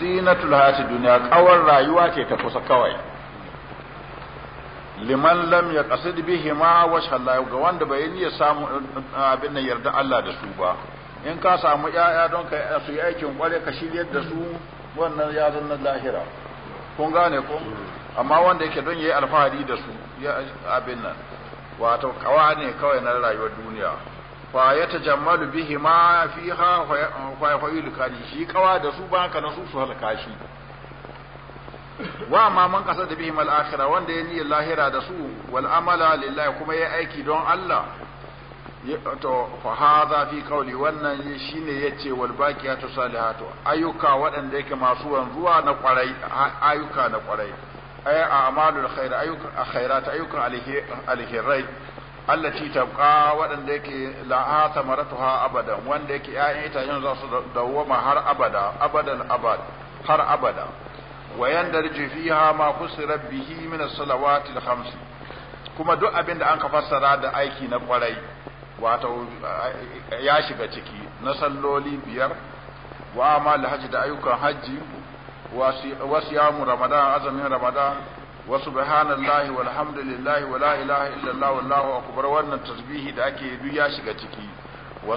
zinatul hayati duniya kawar rayuwa ce ta kusa kawai liman lam ya qasid bihi ma wa Allah ga wanda bai niyya samu uh, abin nan yarda Allah da su ba in ka samu yaya don ka uh, su yi aikin kware ka shiryar da su wannan ya zanna lahira kun gane ko amma wanda yake don yayi alfahari da su ya abin nan wato kawa ne kawai na rayuwar duniya fa ya tajammalu bihi ma fiha fa yuhil kali shi kawa da su ba na su su halaka shi wa ma man da bihi mal akhirah wanda ya niyyar lahira da su wal amala lillahi kuma ya aiki don Allah to fa hadha fi qawli wannan shine yace wal baqiyatu salihatu ayyuka waɗanda yake masu wanzuwa na kwarai ayyuka na kwarai ay a'malul khair ayyuka khairat ayyuka alhirai allati tabqa wadanda yake la'a samaratuha abadan wanda yake ƴaƴan yanzu za su dawwama har abada abadan abad har abada wa yandarju fiha ma kusira bihi min as-salawati al-khams kuma duk abin da an ka fassara da aiki na kwarai wato ya shiga ciki na salloli biyar wa amal hajji da ayyukan hajji wa siyamu ramadan azumin ramadan wa subhanallahi walhamdulillahi wala ولا اله الا الله والله wannan tasbihi da ake duk ya shiga ciki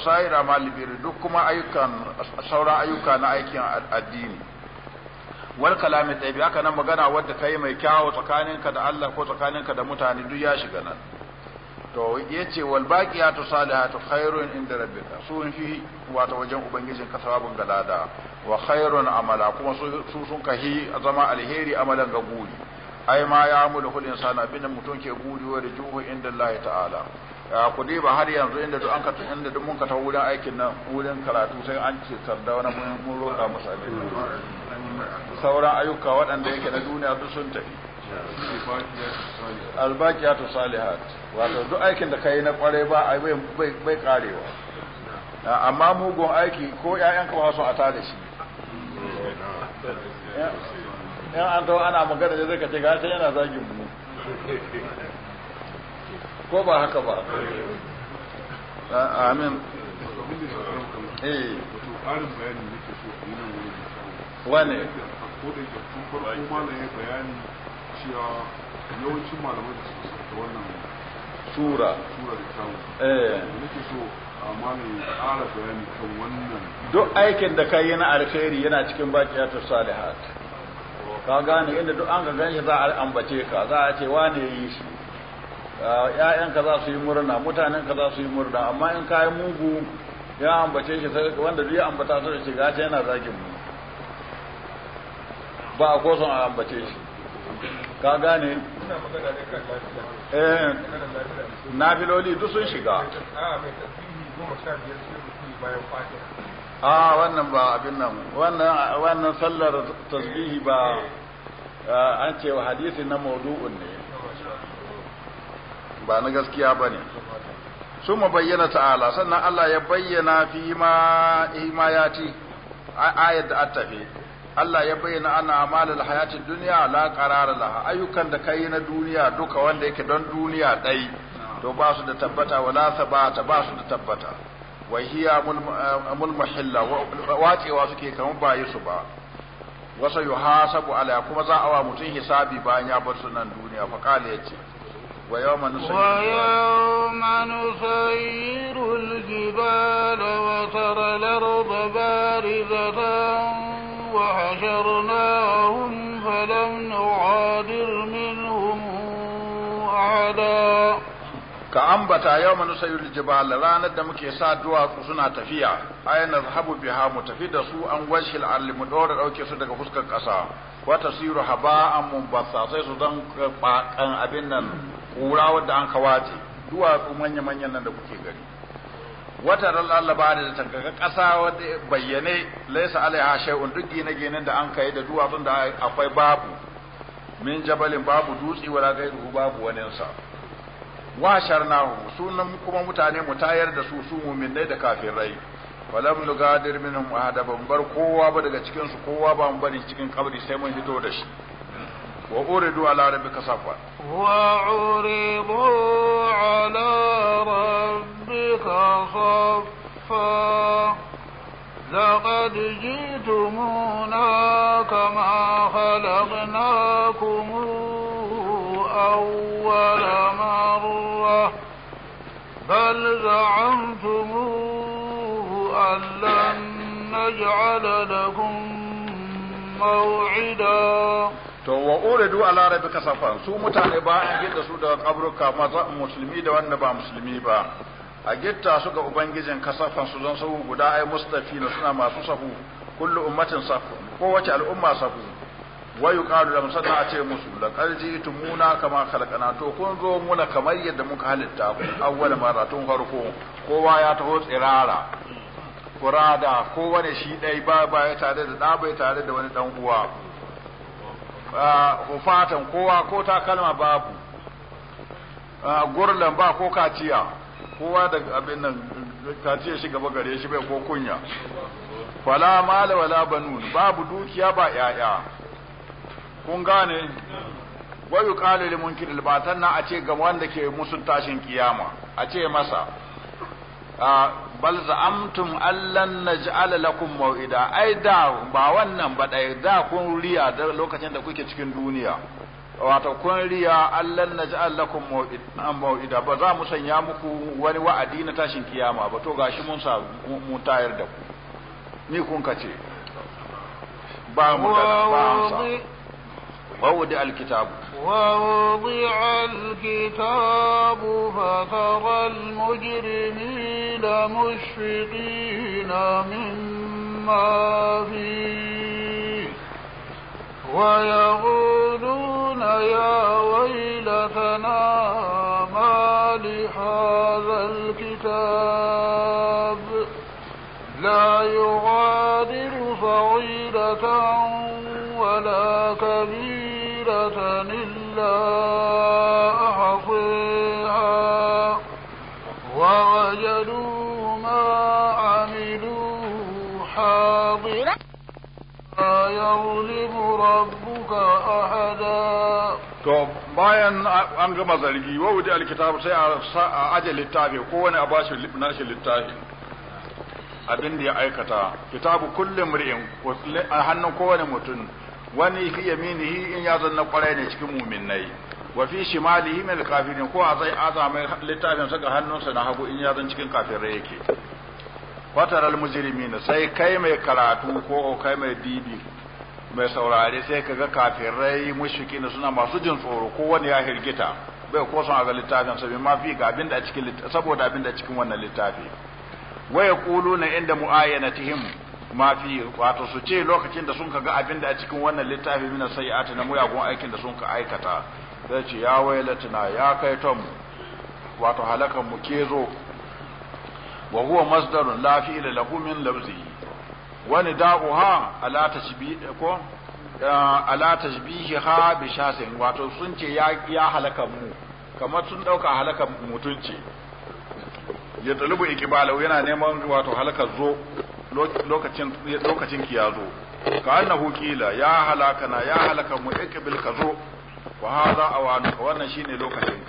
sa'ira malibir duk kuma ayyukan sauran ayyuka na aikin addini wal kalami tsaye haka nan magana wanda kai mai kyawo tsakaninka da Allah ko tsakaninka da mutane duk ya shiga nan to yace wal baqiyatu salihatu khairun inda rabbika su fi wato wajen ubangijin ka sababun galada wa khairun amala kuma su sun kahi zama alheri amalan ga guri ai ma ya da kul insani abinda mutum ke gurewa da juhu inda Allah ta'ala ku dai ba har yanzu inda duk an ka inda duk mun ka ta wurin aikin nan wurin karatu sai an ce sarda wani mun roƙa masa abin sauran ayyuka waɗanda yake na duniya duk sun tafi albaqiyatu salihat wato duk aikin da kai na kware ba ai bai bai karewa amma mugun aiki ko ƴaƴanka ba su a tare shi in an tawo ana magana ne zai ka ce ga sai yana zagin mu ko ba haka ba amin eh to ƙarin bayani nake so a yi nan wurin wane ko da ke tun farko malam ya bayani cewa yawancin malamai da suka sauka wannan sura sura da kyau eh nake so amma ne ƙara bayani kan wannan duk aikin da ka yi na alkhairi yana cikin baqiyatu salihat ka gane inda duk an ka ganshi za a ambace ka za a ce wane yi shi ka za su yi murna mutanenka za su yi murna amma in ka yi mugu ya ambace shi sai wanda duk ya ambata su da shi ta yana zagin mu ba a koson a ambace shi ka gane eh filoli duk sun shiga ah, a ah, wannan ba abin nan wannan sallar tasbihi ba eh. ah, an ce wa hadisi na maudu'un ne ba na gaskiya ba ne su bayyana ta'ala sannan Allah ya bayyana fi ma himayati ayat da attafe Allah ya bayyana ana amalul hayati duniya la qarara laha ayyukan da kai na duniya duka wanda yake don duniya dai to ba su da tabbata wala sabata ba su da tabbata وهي آه، ملمحلة واتي وافكي كم يسبا وسيحاسب على كما زاء ومتين حسابي بان يبرسنا الدنيا فقال يتي ويوم نسير ويوم نسير الجبال وترى الأرض بارزة وحشرناهم فلم نعادر من ka ambata yau manu sayul jibal ranar da muke sa duwatsu suna tafiya ayan nazhabu biha mu tafi da su an gwashil arli mu dora dauke su daga fuskar kasa wa tasiru haba'an basa sai su dan bakan abin nan kura wanda an kawace duwatsu manya manyan nan da kuke gani wata Allah ba da tankaga kasa wata bayyane laisa alaiha shay'un duk gine gine da an kai da duwatsun da akwai babu min jabalin babu dutse wala gairu babu wani sa. wa sharnahu sunan kuma mutane mu tayar da su su mu'minai da kafirai walam lugadir minhum ahada ban bar kowa ba daga cikin su kowa ba mun bari cikin kabri sai mun hito da shi wa uridu ala rabbika safa wa uridu ala rabbika safa لقد جئتمونا كما خلقناكم أول بل زعمتم أن لن نجعل لكم موعدا to wa uridu ala rabbika safan su mutane ba a gida su daga kabruka maza musulmi da wanda ba musulmi ba a gitta su ga ubangijin kasafan su zan sahu guda ai mustafina suna masu sahu kullu ummatin safu kowace al'umma safu Wai yuqalu da musanna a ce musu laqad tumuna kama khalaqana to kun zo muna kamar yadda muka halitta ku awwal maratun farko kowa ya taho tsirara kurada wani shi dai ba ba ya tare da da bai tare da wani dan uwa hufatan kowa ko takalma babu gurlan ba ko kaciya kowa da abin nan kaciya shi gaba gare shi bai ko kunya fala mala wala banun babu dukiya ba yaya kun gane kale li munkir al batan na ace ga wanda ke musu tashin kiyama ace masa bal za'amtum allan naj'al lakum maw'ida ai da ba wannan ba dai da kun riya da lokacin da kuke cikin duniya wato kun riya allan naj'al lakum maw'ida ba za mu sanya muku wani wa'adi na tashin kiyama ba to gashi mun sa mu tayar da ku ni kun kace ba mu da ba ووضع الكتاب ووضع الكتاب فترى المجرمين مشفقين مما فيه ويغفر to bayan an gama zargi wa wuce alkitabu sai a aje littafi ko wani a bashi nashi littafi abin da ya aikata kitabu kullum ri'in a hannun kowane mutum wani fi yaminihi in ya zanna kwarai ne cikin muminai wa fi shimalihi min kafirin ko a zai azama littafin saka hannunsa na hagu in ya zan cikin kafirai yake fatar almujrimina sai kai mai karatu ko kai mai dibi mai saurare sai kaga kafirai mushiki na suna masu jin tsoro kowane ya hirgita bai ko son a ga littafin sabi ma fi ga abinda a cikin saboda abinda a cikin wannan littafi kulu na inda muayyanatihim ma fi wato su ce lokacin da sun ka ga abinda a cikin wannan littafi mina sayyati na muyagun aikin da sun ka aikata zai ce ya wailatina ya kai tom wato halakan mu kezo wa huwa masdarun lafi ila lahumin min wani ha ala tashbi ko eh, ala bi shasin wato sun ce ya ya halaka mu kamar sun dauka halaka mutunci ya talubu ikibalau yana neman wato halakar zo lokacin lokacin ki ya zo ka annahu kila ya halaka na ya halaka mu ikbil ka zo wa hadha awanu wannan shine lokacin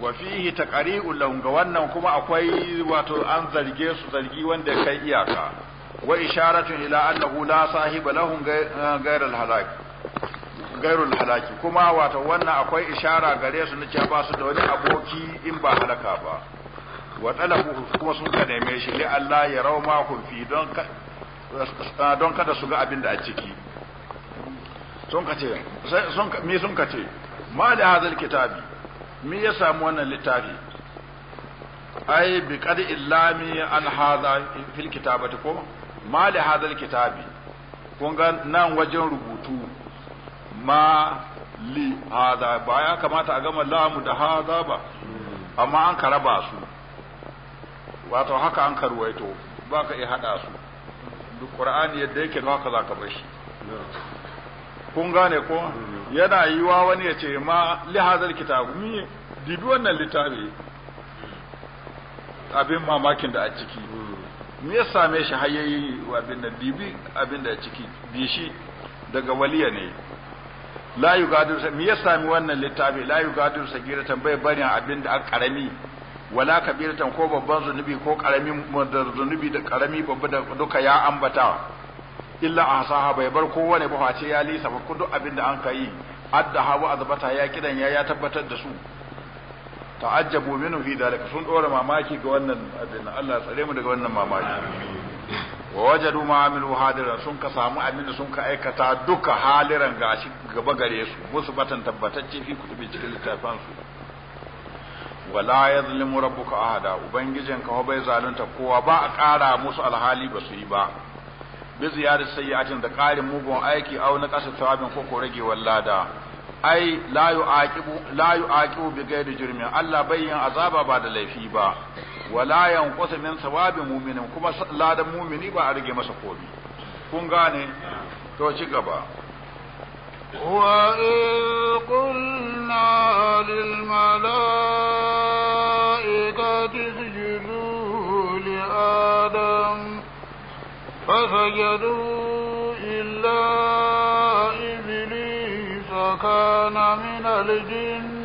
wa fihi taqari'u lahum ga wannan kuma akwai wato an zarge su zargi wanda kai iyaka wa isharatun ila annahu la sahiba lahum ghayrul eh, halak ghayrul halak kuma wato wannan akwai ishara gare su na cewa ba su da wani aboki in ba halaka ba wa talabu kuma sun ka neme shi li Allah ya rauma kun fi don eh, don kada su ga abin da a ciki sun ka ce sun me sun ka ce ma da hazal kitabi me ya samu wannan littafi ai bi qadi illami an hadha fil kitabati ko ma li hadal kitabi kun ga nan wajen rubutu ma li hada ba ya kamata a gama lamu da hada ba amma an ka raba su wato haka an karwaito ba ka iya hada su duk qur'ani yadda yake na haka zaka bar shi kun gane ko yana yiwa wani ya ce ma li hadal kitabu mi dibi wannan littafi abin mamakin da a ciki me ya same shi hayayi abin da dibi abin da ciki bishi daga waliya ne la yugadiru me ya sami wannan littafi la yugadiru sagiratan bai barin abin da aka karami wala kabiratan ko babban zunubi ko karamin zunubi da karami babba da duka ya ambata illa ahsaha bai bar kowane ba face ya lisa ba duk abin da an kai adda hawa azbata ya kidan ya ya tabbatar da su ta'ajjabu minhu fi dalika sun dora mamaki ga wannan abin Allah tsare mu daga wannan mamaki wa wajadu ma hadiran sun ka samu abin da sun ka aikata duka haliran gashi gaba gare su musu batan tabbatacce fi kutubi cikin littafan su wala yazlimu rabbuka ahada ubangijin ka bai zalunta kowa ba a ƙara musu alhali ba su yi ba bi ziyarar sayyatin da ƙarin mugun aiki au na ƙasa tsawabin ko ko ragewar lada ai la yu'aqibu la yu'aqibu bi ghairi jurmin Allah bai azaba ba da laifi ba wala yanqusu min thawabi mu'minin kuma ladan mu'mini ba a rage masa komi kun gane to ci gaba wa qulna lil malaikati isjudu li adam fasajadu كان من الجن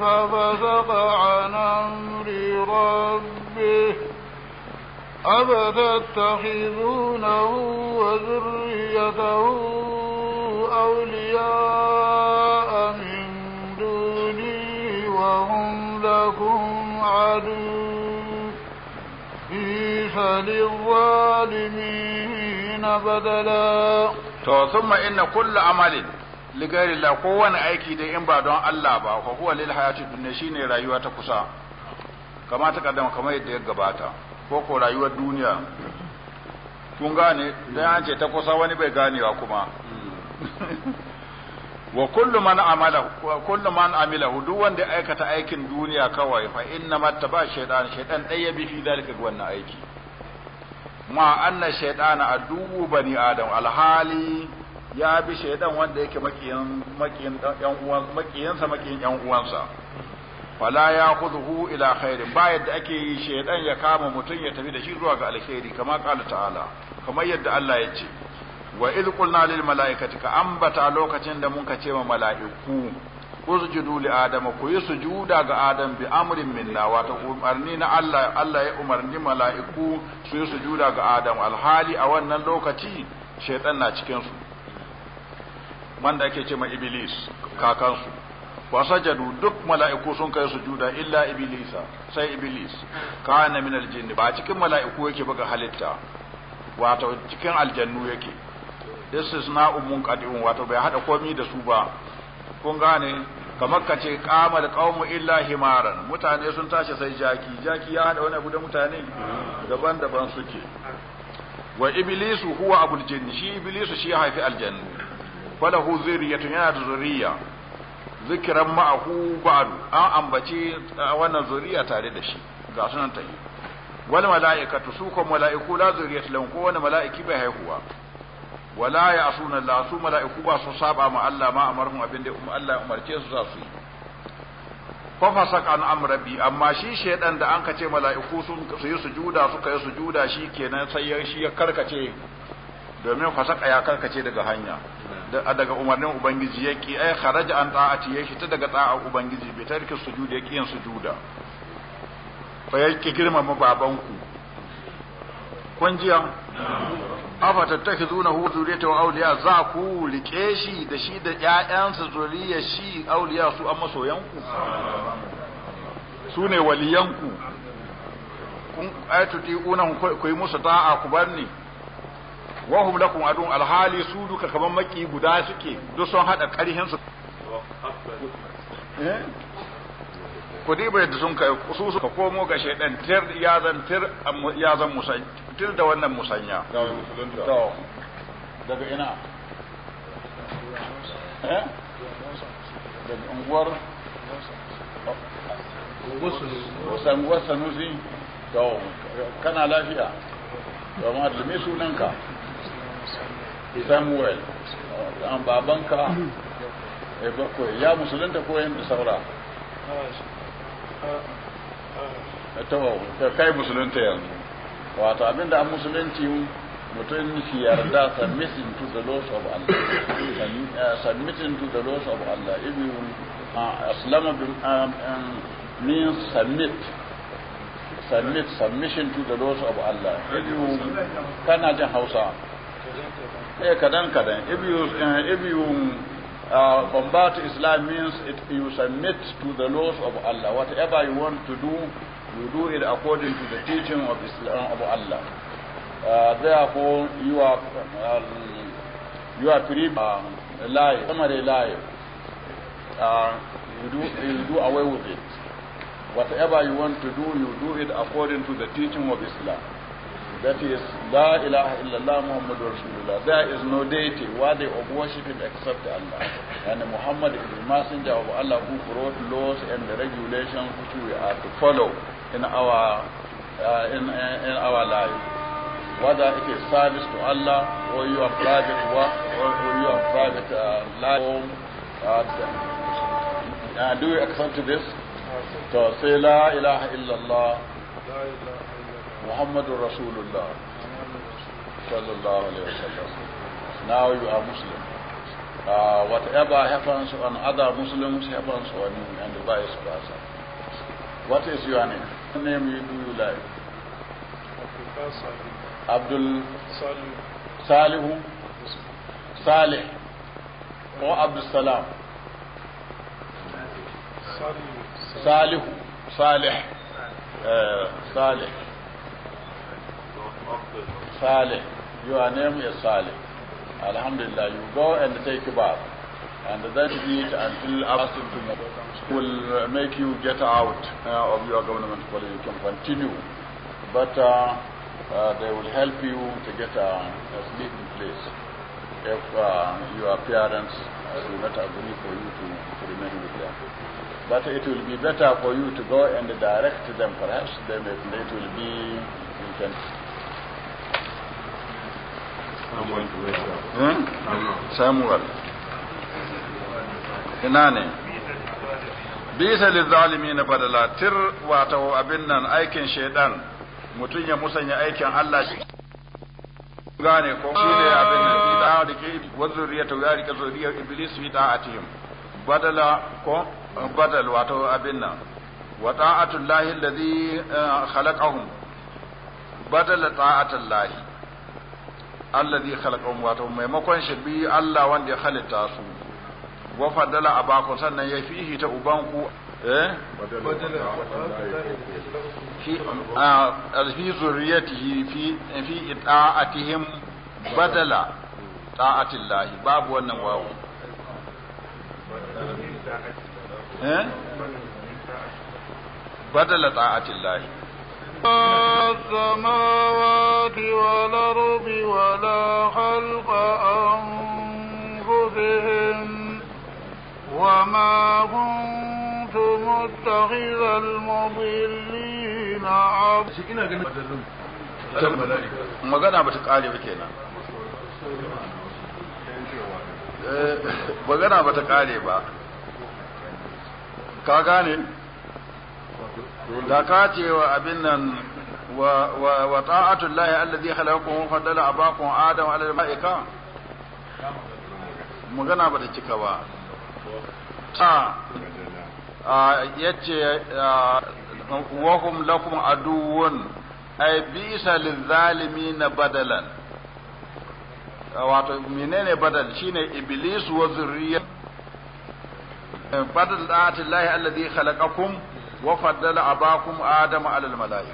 ففسق عن أمر ربه أفتتخذونه وذريته أولياء من دوني وهم لكم عدو بيس للظالمين بدلا ثم إن كل عمل la kowane aiki dai in ba don Allah ba fa huwa lil hayati dunya shine rayuwa ta kusa kama ta kaddama kamar yadda ya gabata ko ko rayuwar duniya kun gane dan an ce ta kusa wani bai ganewa kuma wa kullu man amala kullu man amila duk wanda aikata aikin duniya kawai fa inna mattaba shaytan shaytan dai ya bi fi dalika wannan aiki ma anna shaytana adubu bani adam alhali ya bi shaidan wanda yake makiyin makiyin yan uwan makiyinsa makiyin yan uwansa fala ya khudhu ila khair ba yadda ake yi shaidan ya kama mutum ya tafi da shi zuwa ga alkhairi kama qala ta'ala kamar yadda Allah ya ce wa id qulna lil malaikati ka ambata lokacin da mun ka ce wa mala'iku usjudu li adama ku yi sujuda ga adam bi amrin minna Wata umarni na Allah Allah ya umarni mala'iku su yi sujuda ga adam alhali a wannan lokaci shaitan na cikin su wanda ake ce ma iblis kakansu wa sajadu duk mala'iku sun kai sujuda illa iblisa sai iblis kana min aljinn ba cikin mala'iku yake buga halitta wato cikin aljannu yake is umun munqadi'un wato bai hada komai da su ba kun gane kamar ka ce qamal qaumu illa himaran mutane sun tashi sai jaki jaki ya hada wani abu da mutane daban-daban suke wa iblisu huwa abul jinn shi iblisu shi haifi aljannu falahu zuriyatun yana da zuriya zikiran ma'ahu ba'du an ambaci wannan zuriya tare da shi ga sunan yi. wal mala'ikatu su ko mala'iku la zuriyat lan ko wani mala'iki bai haihuwa wala ya asuna Allah su mala'iku ba su saba ma Allah ma amarhum abin da um-, Allah umarce su za su yi fa fasak an amrabi amma shi shedan da an kace mala'iku sun su yi sujuda suka yi sujuda shi kenan sai shi ya karkace domin fasaka ya karkace daga hanya daga umarnin ubangiji yake ai kharaja an ta'ati yake ta daga ta'a ubangiji bai tarki sujudi yake yin sujuda fa yake girmama babanku kun jiya afa tattakhizuna hu zuriyata wa awliya za ku rike shi da shi da ƴaƴansa zuriya shi awliya su amma soyanku su ne waliyanku kun ayatu ti'una ku yi musu ta'a ku barni wa hum lakum adun alhali su duka kaman maki guda suke duk sun hada karhin su eh? ku diba yadda sun kai su suka komo ga shaidan tir ya zan tir ya zan musanya tir da wannan musanya daga ina eh? daga unguwar unguwar sanusi to kana lafiya domin adalmi sunanka samuel an babanka ya hmm. bakwai ya musulunta ko yin saura ta kai musulunta yanzu wato abinda an musulunci mutum shi yarda submitting to the laws of Allah submitting to the laws of Allah if you uh, um, um, means submit submit submission to the laws of Allah if you kana jin Hausa eh kadan kadan if you eh, if you combat uh, Islam means it, you submit to the laws of Allah whatever you want to do you do it according to the teaching of Islam of Allah uh, therefore you are um, you are free um, uh, life somebody life you do you do away with it whatever you want to do you do it according to the teaching of Islam That is, La ilaha illallah Muhammadur Rasulullah. There is no deity worthy of worship except Allah. And Muhammad is the messenger of Allah who brought laws and regulations which we are to follow in our, uh, in, uh, in our life. Whether it is service to Allah or your private work or, your private uh, life. Uh, uh, do you accept this? say La ilaha illallah. Muhammad Rasulullah sallallahu alaihi wasallam. Now you are Muslim. Uh, whatever happens on other Muslims happens on you and vice versa. What is your name? What name you do you like? Abdul Salih. Salih. Or Abdul Salam. Salih. Salih. Salih. Uh, Salih. Saleh. Your name is Saleh. Alhamdulillah, you go and take a bath. And then eat until after will uh, make you get out uh, of your government policy. You can continue. But uh, uh, they will help you to get a, uh, a sleeping place if uh, your parents will not agree for you to, to remain with them. But it will be better for you to go and direct them. Perhaps they may, it will be, you can samuwar hmm? ina ne bisa lizalimi na badala tir wato abin nan aikin shaidan mutum ya musanya aikin Allah shi gane ko shi ne abin nan fi da'a da ke wazuriya ta ya rike zuriyar iblis fi da'atihim badala ko badal wato abin nan wa ta'atullahi allazi eh, khalaqahum badala ta'atullahi allazi khalaqahum maimakon shi bi Allah wanda ya halitta su wa fadala abakum sannan ya fihi ta ubanku eh fi fi fi ita'atihim badala ta'atillahi babu wannan wawo eh badala ta'atillahi السماوات والأرض ولا خلق أنفسهم وما كنت متخذ المضلين عبدا magana ba ta kare ba kenan magana ba ta kare ba ka gane da ka ce wa abin nan wa ta'atul lahi allazi khalaqakum fa dala abakum adam ala malaika magana ba ta cika ba yace wa hum lakum aduwwun ay bisa lizalimin badalan wato menene badal shine iblis wa zurriya badal ta'atul lahi allazi khalaqakum wa faddala abakum adama alal malaika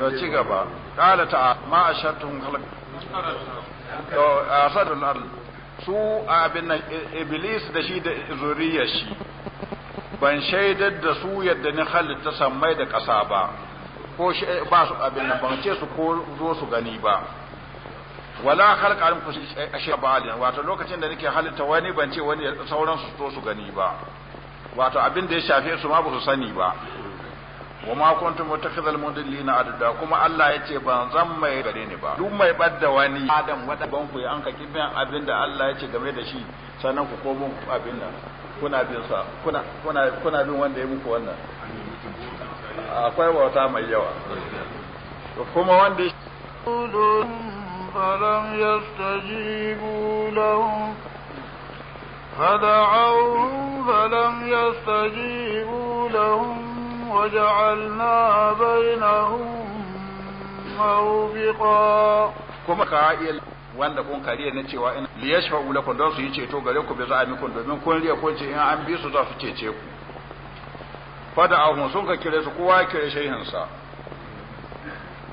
to ci gaba qala ta ma ashatum khalq to asadul ard su abin nan iblis da shi da zuriyar shi ban shaidar da su yadda ni halitta sammai da ƙasa ba ko ba su abin nan ban ce su ko zo su gani ba wala khalqa an kushi ashe ba wato lokacin da nake halitta wani ban ce wani sauran su to su gani ba wato abin da ya shafe su ma ba su sani ba wa ma kuntum mutakhidhal mudillina adda kuma Allah yace ban zan mai gare ni ba duk mai badda wani adam wanda ban ku an ka kibin abin da Allah yace game da shi sannan ku komo abin nan kuna bin sa kuna kuna kuna bin wanda ya muku wannan akwai wata mai yawa kuma wanda ya فلم yastajibu lahum فدعوهم فلم يستجيبوا لهم وجعلنا بينهم موبقا kuma ka iya wanda kun kariya na cewa ina liyashfa'u lakum don su yi ceto gare ku bi za'amikum domin kun riya ko ce in an bi su za su cece ku fada hun sun ka kire su kowa ya kire shehin sa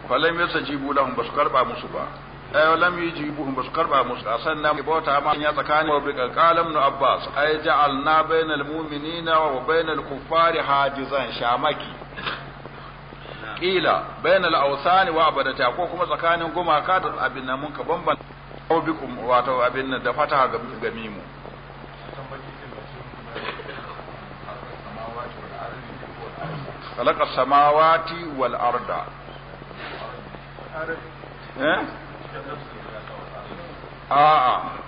falam yasajibu lahum basu karba musu ba ay eh, lam yujibuhum bas karba musu sanna bota ma ya tsakani wa bi qalam nu abbas ay ja'alna bainal mu'minina wa bainal kuffari hajizan shamaki kila bainal awsani wa abadata ko kuma tsakanin gumaka da abin nan mun ka bamban ko bikum wato abin nan da fataha ga mimu خلق السماوات والأرض a'a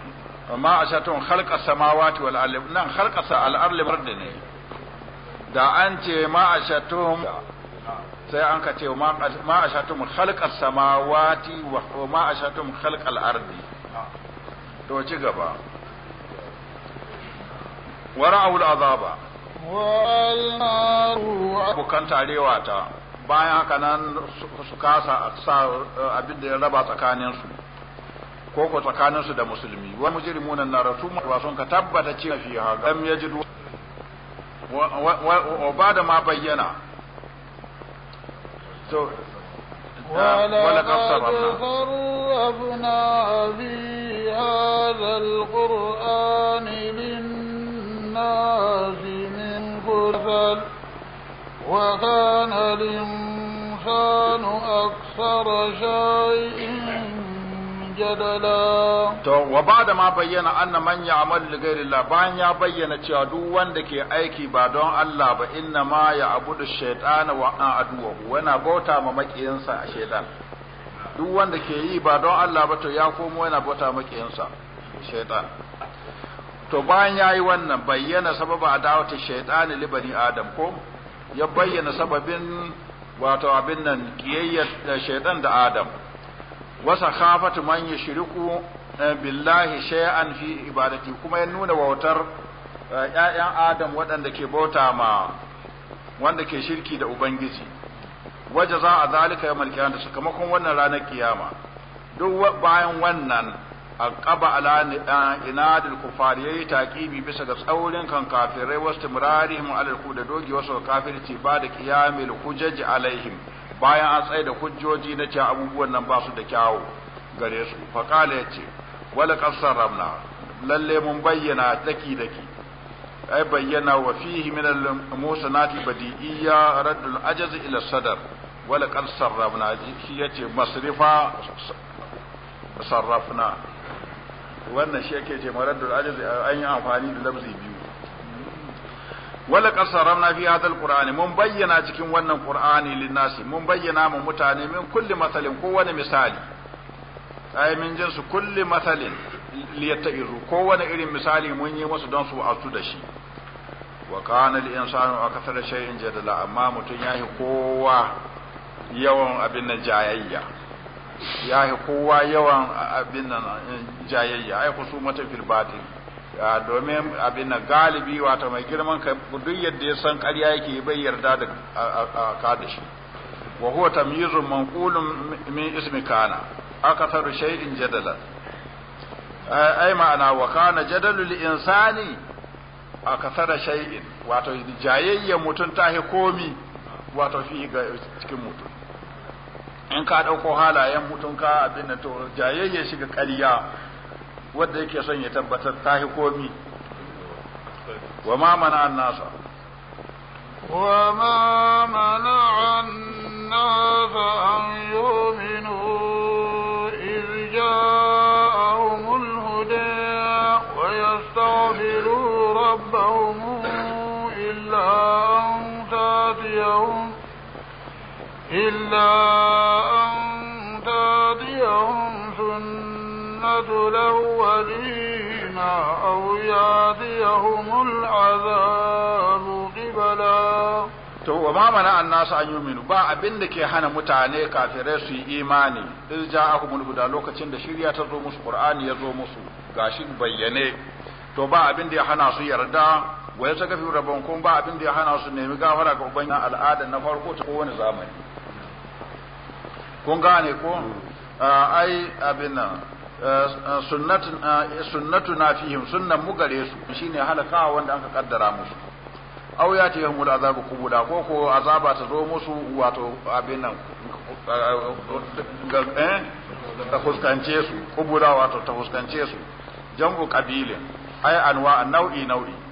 amma a shatun halka samawati wal ardi nan halka sa al ardi ne da an ce ma a shatun sai an ka ce ma a shatun halka samawati wa ma a shatun halka al ardi to ci gaba wara'ul azaba wal naru abukan tarewa ta bayan haka nan su kasa sa eh, abin da ya raba tsakaninsu ko ko tsakaninsu da musulmi wa mujrimuna na rasu ba sun ka tabbata ce fi ha gam yajidu wa ba da ma bayyana to ولقد قربنا في هذا القرآن للناس من وكان الإنسان أكثر شيء jadala to wa bada ma bayyana anna man ya'mal li ghairillah bayan ya bayyana cewa duk wanda ke aiki ba don Allah ba inna ma ya'budu shaytana wa aduwahu wana bauta ma makiyansa a shaytan duk wanda ke yi ba don Allah ba to ya komo yana bauta makiyansa shaytan to bayan yayi wannan bayyana sababa adawati shaytani li bani adam ko ya bayyana sababin wato abin nan kiyayyar shaidan da adam wasa khafatu man yushriku eh, billahi shay'an fi ibadati kuma ya nuna wautar eh, ƴaƴan adam waɗanda ke bauta ma wanda ke shirki da ubangiji waje za a zalika yawmal qiyamah sakamakon wannan ranar kiyama duk bayan wannan aqaba ala inadil kufar yayi taqibi bisa ga tsaurin kan kafirai wasu murarihim alal da dogi wasu kafirci ba da qiyamil hujaj alaihim bayan an tsaye da hujjoji na ce abubuwan nan ba su da kyawu gare su fa yace wala qasaramna lalle mun bayyana daki daki Ai bayyana wa fihi min al musanati badi'iyya raddul ajaz ila sadar wala qasaramna shi yace masrifa sarrafna wannan shi yake ce maraddul ajiz an yi amfani da labzi biyu wala qasaram na fi hadal qur'ani mun bayyana cikin wannan qur'ani linnasi mun bayyana mu mutane min kulli masalin ko wani misali ay min jinsu kulli li liyattaizu ko wani irin misali mun yi musu don su asu da shi wa kana al insanu akthara shay'in jadala amma mutun yahi kowa yawan abin na jayayya ya yi kowa yawan abin nan eh, jayayya ai kusu mata fil batil domin abin na galibi wata mai girman ka duk yadda ya san ƙarya yake bai yarda da ka da shi wa huwa tamyizun manqulun min ismi kana akatharu shay'in jadala ai ma'ana wa kana jadalul insani akatharu shay'in wato jayayya mutun tahi komi wato fi ga cikin mutun in ka ɗauko halayen mutunka a abin da to jayayya shiga ƙarya wanda yake son ya tabbatar ta hi komi wa ma mana an nasa wa ma mana an nasa an yominu iz ja'ahumul huda wa إلا أن تأتيهم سنة الأولين أو يأتيهم العذاب قبلا to wa ma mana an nasu an yuminu ba abin da ke hana mutane kafirai su yi imani iz ja'akumul guda lokacin da shirya ta zo musu qur'ani ya zo musu gashi bayyane to ba abin da ya hana su yarda wa ya saka fi rabon kun ba abin da ya hana su nemi gafara ga ubangiji al'adan na farko ta kowane zamani kun gane ko hmm. ai abin nan sunnatu na fihim sunnan mu gare su shine halaka wanda an ka kaddara musu aw ya ta yahmul azabu kubuda ko ko azaba ta zo musu wato abin nan eh, ta fuskance su kubuda wato ta fuskance su jambu kabilin ai anwa nau'i nau'i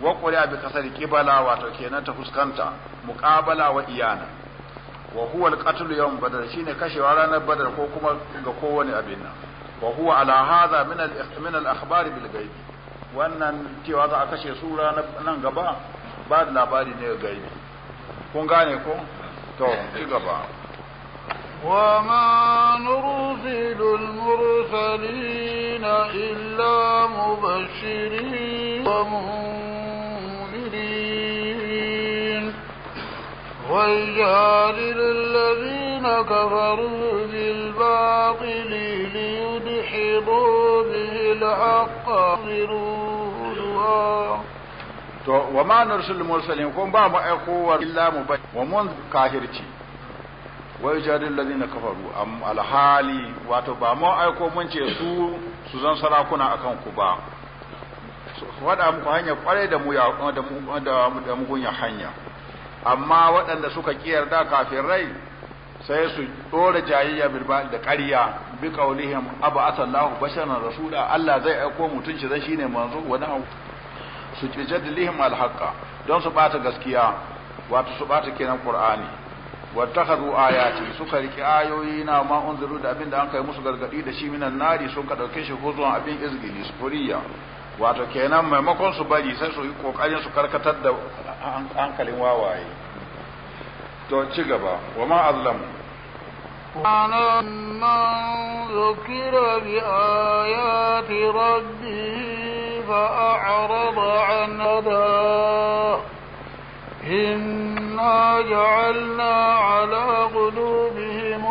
wa quri'a bi kasar qibala wato kenan ta fuskanta muqabala wa iyana wa huwa al-qatl yawm badr shine kashewa ranar badar ko kuma ga kowane abin nan wa huwa ala hadha min al-min al-akhbar bil ghaib wannan cewa za a kashe su ranar nan gaba ba da labari ne ga gaibi kun gane ko to ci gaba وما نرسل المرسلين إلا مبشرين ومنذرين ويجادل الذين كفروا بالباطل ليدحضوا به الحق to wa ma na nursul mursalin kun ba mu aiko wa illa mu bai wa mun kahirci wa yajadil ladina kafaru am alhali wato ba mu aiko mun ce su su zan sarakuna akan ku ba wada muku hanya kware da mu ya hanya amma waɗanda suka kiyarda kafin rai sai su ɗora jayayya bilbal da ƙarya bi qaulihim aba asallahu basharan rasula Allah zai aiko mutun shi zai shine manzo wa dan su jaddalihim alhaqa don su bata gaskiya wato su bata kenan qur'ani wattakhadhu ayati suka riki ayoyi na ma unziru da abinda an kai musu gargadi da shi minan nari sun ka dauke shi ko abin izgili suriya wato kenan maimakon su bari sai su yi kokarin su karkatar da hankalin wawaye وما ci gaba من ذكر بآيات ربه فأعرض عن أداه إنا جعلنا على قلوبهم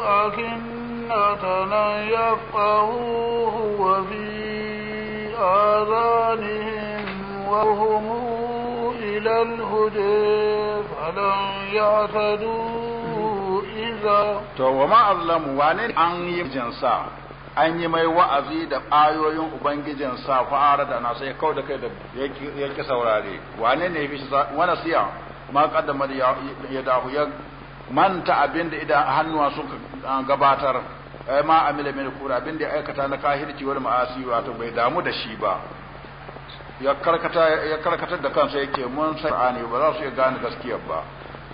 أكنة أن يفقهوه وفي آذانهم وهم إلى الهدي يعتدوا إذا تو وما أظلم وانين أن يجنسا an yi mai wa'azi da ayoyin ubangijin sa fa'ara da nasa ya kau da kai da yake saurari wane ne fi wani siya ma kaddama ya dafu ya manta abin da idan hannuwa suka ah, gabatar eh, ma amila min kura abin da ya aikata na kahirci wal ma'asi wato bai damu da shi ba ya karkatar da kansa yake mun sai ba za su iya gane gaskiyar ba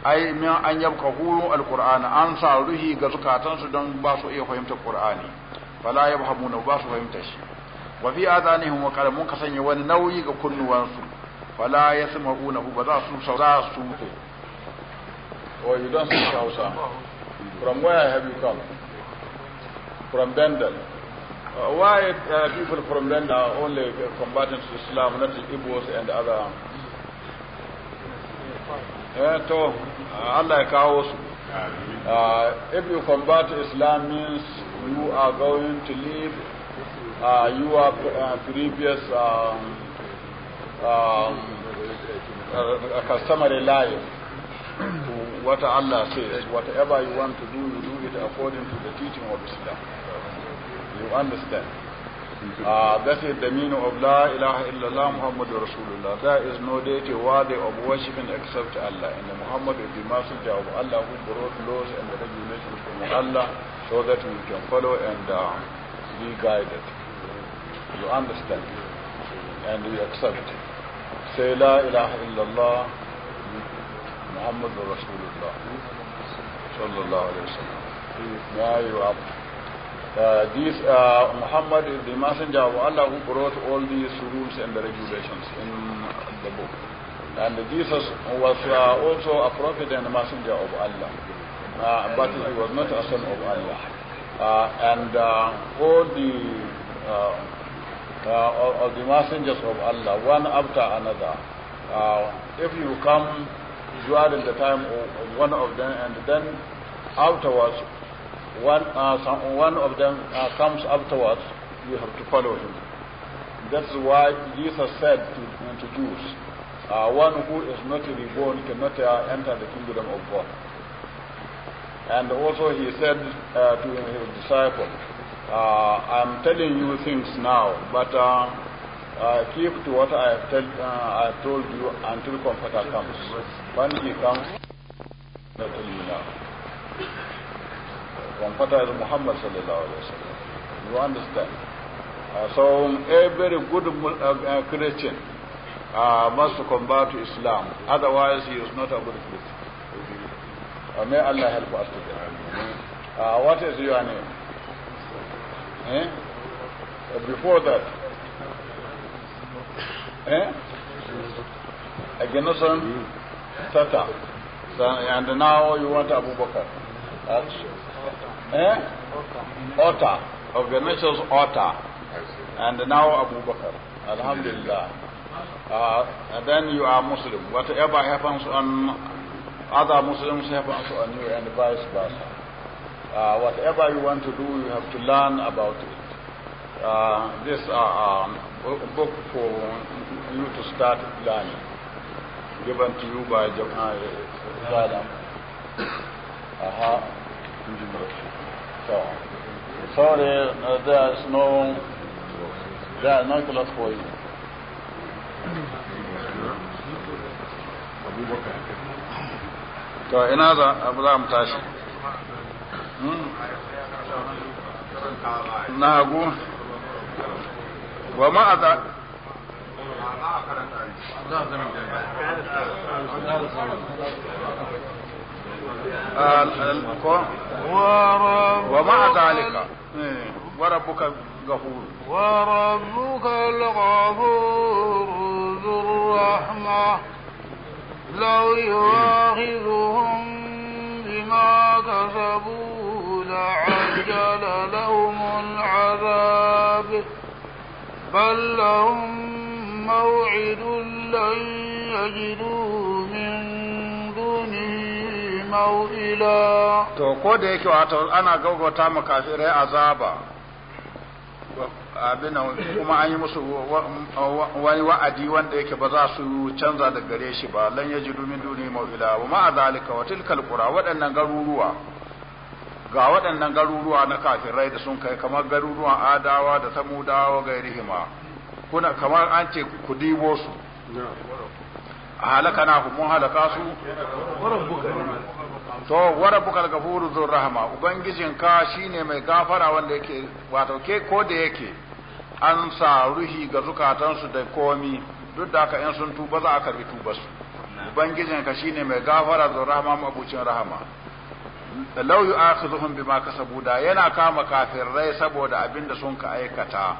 ai min an yabka huru alqur'ana an sa ruhi ga zukatansu don ba su iya fahimta qur'ani fala yabhamuna ba su fahimta shi wa fi adanihim wa qalamun ka sanya wani nauyi ga kunnuwansu fala yasma'una ba za su saura su ko oh you don't speak Hausa from where have you come from Bendel uh, why uh, people from Bendel are only combatants to Islam not ibos and other So, eh, to Allah ya kawo su ah, if you convert Islam means you are going to leave uh, ah, your uh, ah, previous um, um, uh, customary life to what Allah says. Whatever you want to do, you do it according to the teaching of Islam. You understand? Uh, that is the meaning of La ilaha illallah Muhammad Rasulullah. There is no deity worthy of worshiping except Allah. And Muhammad is the messenger of Allah who brought laws and regulations from Allah so that we can follow and uh, be guided. You understand? And you accept. Say La ilaha illallah Muhammad Rasulullah. Sallallahu alayhi wa sallam. Now you are Uh, this uh, Muhammad is the messenger of Allah who brought all these rules and the regulations in the book. And Jesus was uh, also a prophet and a messenger of Allah, uh, but he was not a son of Allah. Uh, and all the all the messengers of Allah, one after another, if you come during the time of one of them, and then afterwards one, uh, some, one of them uh, comes afterwards, you have to follow him. That's why Jesus said to, uh, to Jews, uh, one who is not reborn cannot uh, enter the kingdom of God. And also he said uh, to his disciple, I'm telling you things now, but keep to what I have, tell, I told you until Comforter comes. When he comes, I'll you now from Fatah Muhammad sallallahu alayhi wa sallam. You understand? Uh, so um, every good uh, uh, Christian uh, must convert to Islam. Otherwise he is not a good Christian. Uh, may Allah help us today. Uh, what is your name? Eh? Uh, before that? Eh? Agenosan Tata. So, and now you want Abu Bakr. That's uh, Eh? Otter. Of the nation's otter. And now Abu Bakr. Alhamdulillah. Uh, then you are Muslim. Whatever happens on other Muslims happens on you and vice versa. Uh, whatever you want to do, you have to learn about it. Uh, this is uh, a um, book for you to start learning, given to you by Japan. Uh, -huh. So, sorry, uh, there is no, there are no class for you. To ina za abu za mu tashi. Na hagu? Wa ma'aza za a آه، ومع ذلك إيه، وربك غفور وربك الغفور ذو الرحمة لو يواخذهم بما كسبوا لعجل لهم العذاب بل لهم موعد لن يجدوه aw ila to ko da yake wato ana gaugauta mu kafirai azaba abin kuma an yi musu wani wa'adi wanda yake ba za su canza da gare shi ba lan yajidu min duni mawila wa ma'a zalika wa tilkal qura waɗannan garuruwa ga waɗannan garuruwa na kafirai da sun kai kamar garuruwan adawa da samudawa rihima kuna kamar an ce ku dibo su a halaka na mun halaka su to wa rabbukal ghafuru rahama, ubangijinka shine mai gafara wanda yake wato ke ko da yake an sa ruhi ga zukatansu da komi duk da aka in sun tuba za a karbi tuba su ubangijinka shine mai gafara rahama mu mabucin rahama law yu'akhidhuhum bima kasabu da yana kama kafirai saboda abinda sun ka aikata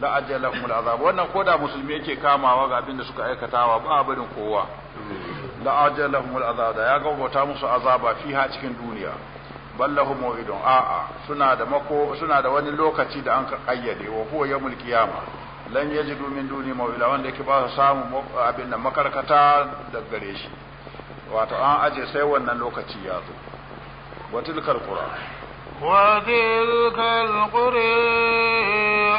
la al azab wannan koda musulmi yake kamawa ga abin da suka aikatawa ba barin kowa la azabu azab ya gabata musu azaba ha cikin duniya ballahu maw'idun a'a suna da mako suna da wani lokaci da an kayyade wa huwa yawmul qiyama lan yajidu min duni maw'ila wanda yake ba su samu abin nan makarkata da gare shi wato an aje sai wannan lokaci ya zo wa tilkal qur'an وتلك القرى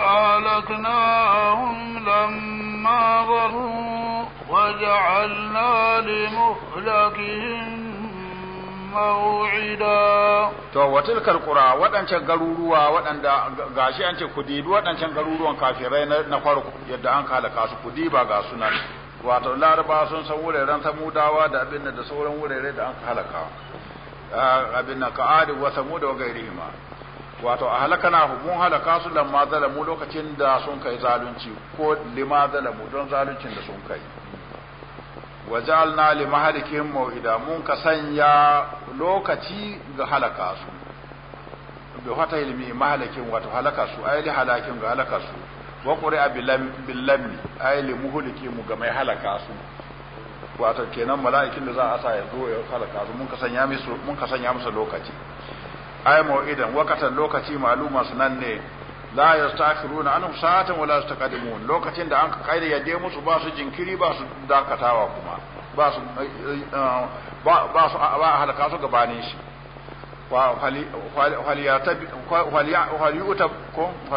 أهلكناهم لما ظلموا وجعلنا لمهلكهم mawu'ida to watilkar qura wadancan garuruwa wadanda gashi an ce kudibi wadancan garuruwan kafirai na na farko yadda an halaka su kudiba ga sunan wato laraba sun san wuraren samudawa da abin da sauran wurare da an halaka abin na ka'ad wa samud wa ghairihima wato a halakana mun halaka su lamma zalamu lokacin da sun kai zalunci ko lima zalamu don zaluncin da sun kai wa ja'alna li mahalikihim maw'ida mun ka sanya lokaci ga halaka su bi hata ilmi mahalakin wato halaka su ay li halakin ga halaka su wa qur'a bil lam ay li muhliki mu ga mai halaka su wato kenan mala'ikin da za a sa ya zo ya halaka su mun ka sanya musu mun ka sanya musu lokaci ay mau'idan waqatan lokaci maluma sunan ne la yastakhiruna an sa'atan wala yastaqdimun lokacin da an kaida ya je musu ba su jinkiri ba su dakatawa kuma ba su eh, eh, ba su ba halaka su gabanin shi wa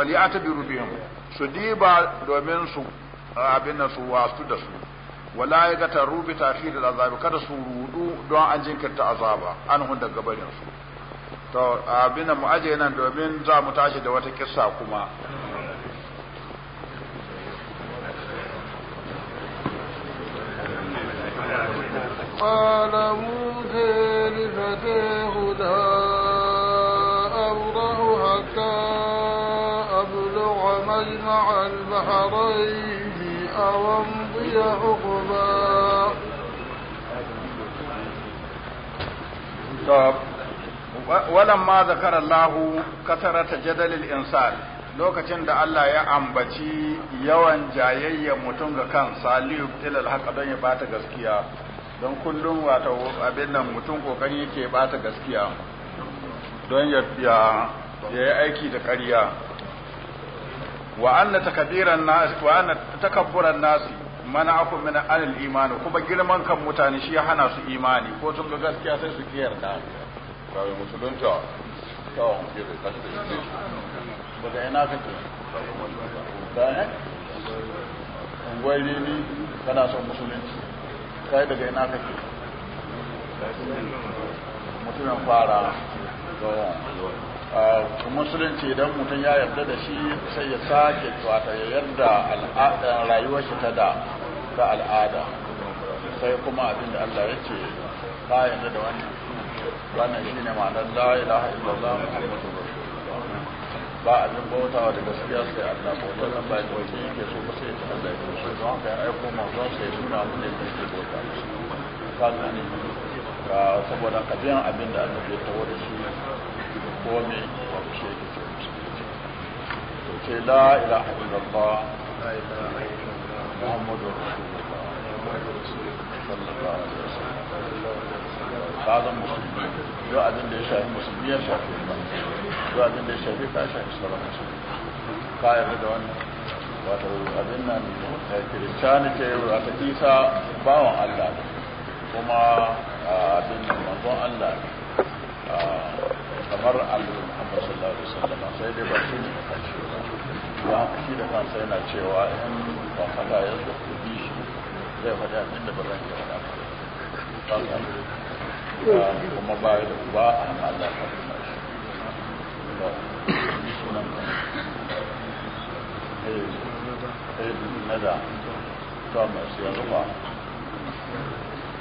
ya bi rubihim su diba domin su eh, abin su wasu da su wala ya ga taru bi takhir kada su rudu don an jinkirta azaba an hun daga barin su to abin mu aje nan domin za mu tashi da wata kissa kuma قال موسى لفتاه ma walamma zakara Allahu kasarata jadalil insan lokacin da Allah ya ambaci yawan jayayya mutum ga kan kansa liyubtil alhaqa don ya bata gaskiya don kullum wato abin nan mutum kokari yake bata gaskiya don ya ya yi aiki da ƙarya wa anna takabburan nasi mana aku mina alil imani kuma girman kan mutane shi ya hana su imani ko sun ga gaskiya sai su ki yarda ba wai musulunta to ki da kashi da shi ba da ina kake da ne ungwai ne ni kana son musulunci kai daga ina kake mutumin fara musulunci idan mutum ya yarda da shi sai ya sake wata ya yarda rayuwar shi ta da ta al'ada sai kuma abin da Allah ya ce ba yarda da wani wannan wannan shine ma'anar la ilaha illallah muhammadur ba abin bautawa da gaskiya sai Allah bautar nan ba da wani yake so ba sai ta Allah ya so don haka ya aiko manzon sai nuna abin da yake bauta ka saboda ka biyan abin da Allah ya tawo da shi da komai wani shi yake ce musulunci to ce la ilaha illallah muhammadu rasulullah sallallahu alaihi wasallam musulmi duk abin da ya shafi musulmi ya shafi ba duk abin da ya shafi ka shafi sauran musulmi ka yarda da wannan wato abin nan kiristanite wata isa bawan allah kuma abin nan manzon allah kamar al-muhammad sallallahu alaihi wasallam sai dai ba shi ne ya shi ba ba da kansa yana cewa in ba kada ya zo ku bi shi zai faɗi da ba zan yi ba kuma ba da uba a Allah ka faɗa shi ba sunan ka eh, eh, da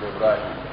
Ibrahim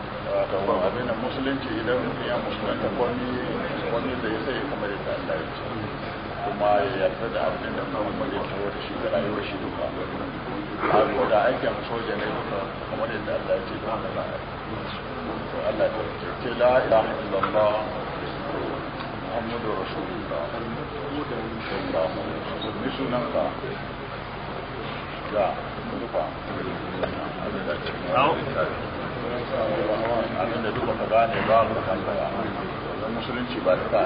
wato abin da musulunci idan ya musulunta wani da ya sai kuma ya tsallaci kuma ya yarda da abin da kuma ya tawo da shi da rayuwar shi duka ko da aikin soja ne duka kamar yadda ba da za a to Allah ya ce la ilaha illallah Muhammadur Rasulullah sallallahu alaihi wasallam ni sunan ka ga duka abinda duk gane ba musulunci ba ta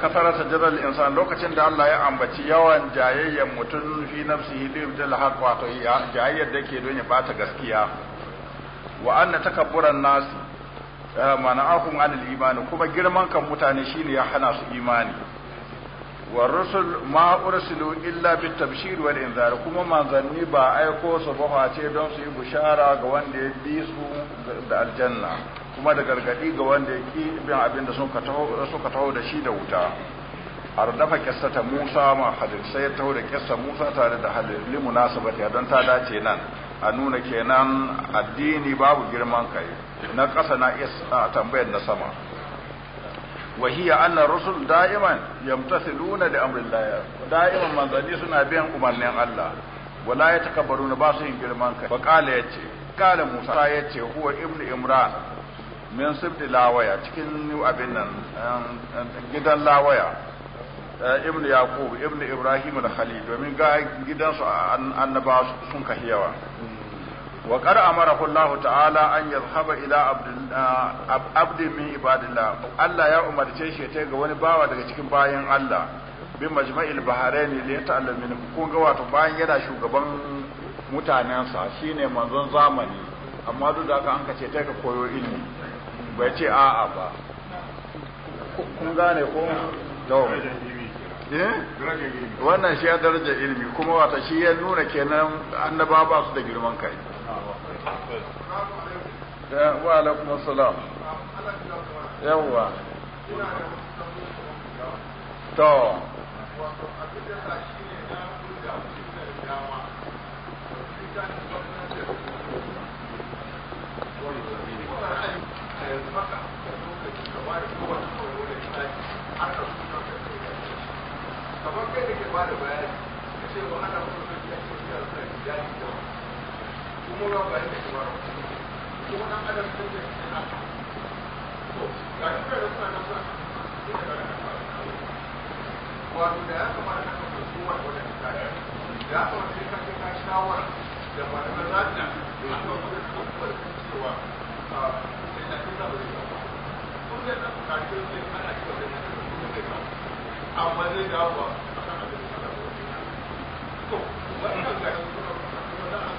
kasara insan lokacin da Allah ya ambaci yawan jayayyen mutum fi nafsihi li yubdil haq wato jayayyar da ke don ya bata gaskiya wa anna takabburan nas eh, ahun anil imani kuma girman kan mutane shine ya hana su imani wa rusul ma ursilu illa bit tabshir wal inzar kuma manzanni ba aiko su ba ce don su yi bushara ga wanda ya bi su da aljanna kuma da gargadi ga wanda ya ki bin abin da suka taho ka taho da shi da wuta ardafa kissata Musa ma hadin sai taho da kissa Musa tare da halin limunasabati don ta dace nan a nuna kenan addini babu girman kai na ƙasa na iya tambayar na sama wa hiya anna rusul da'iman yamtasiluna da amrin da'iman manzanni suna biyan umarnin Allah wala yatakabbaruna na basu yin girman kai fa qala yace qala Musa yace huwa ibnu Imran min sibti lawaya cikin abin nan gidan lawaya ibnu Yaqub ibnu Ibrahim da khalil domin ga gidansu annabawa wa qad amarahu Allah ta'ala an عبد ila عباد الله ah, ibadillah Allah ya تشي شي ta ga wani bawa daga cikin bayan Allah bi majma'il baharain li ta'allam min kun ga wato bayan yana shugaban mutanensa shine manzon zamani amma duk da haka an kace tai ka koyo ilmi bai ce a'a ba kun gane ko to eh? wannan shi ya daraja ilimi kuma wata shi ya nuna kenan annaba ba su da girman kai wa alaikum assalam yawwa to kamar kuma ba ya ce ba kuma dan adam sun ce ina to ga duka da suna nan suna ina da wato da ya kamata ka fi kowa da wannan tsada ya kamata ka kai ka shawara da malaman lafiya a kan wani kofar cewa sai na kisa ba zai kawo ba kun zai na karshe sai ana cewa da na kisa zai kawo amma zai dawo ba a kan abin da ka kawo to wannan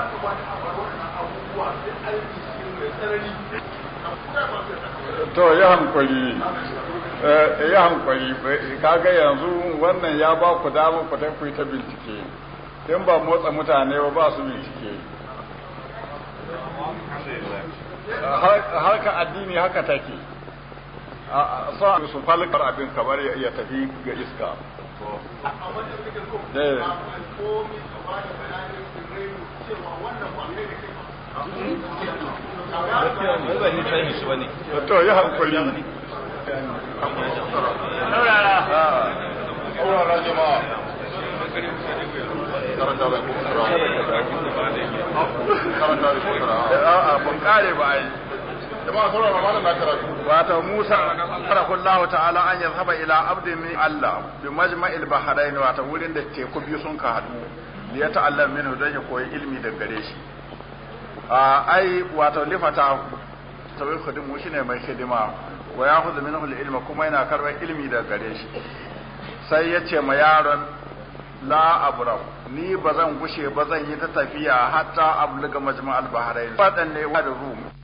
ya kamata a bar waɗannan abubuwa sai an yi mai tsanani eh, to ya hankali ya hankali kaga yanzu wannan ya ba ku damar ku tafi ta bincike in ba motsa mutane ba ba su bincike harka addini haka take sa su falkar abin kamar ya tafi ga iska eh. A eh. ko, ba da to ya hankali Musa rahullahu ta'ala an yazhaba ila abdin min Allah bi majma'il bahrain wata wurin da teku biyu sun ka hadu ya ta'allam minhu don ya koyi ilmi daga gare shi ai wato lifata tawai kudimu shine mai hidima wa ya hudu minhu ilma kuma yana karban ilmi daga gare shi sai ya ce ma yaron la abra ni bazan gushe ba zan yi ta tafiya hatta abluga majma'al bahrain fadan ne wa da rum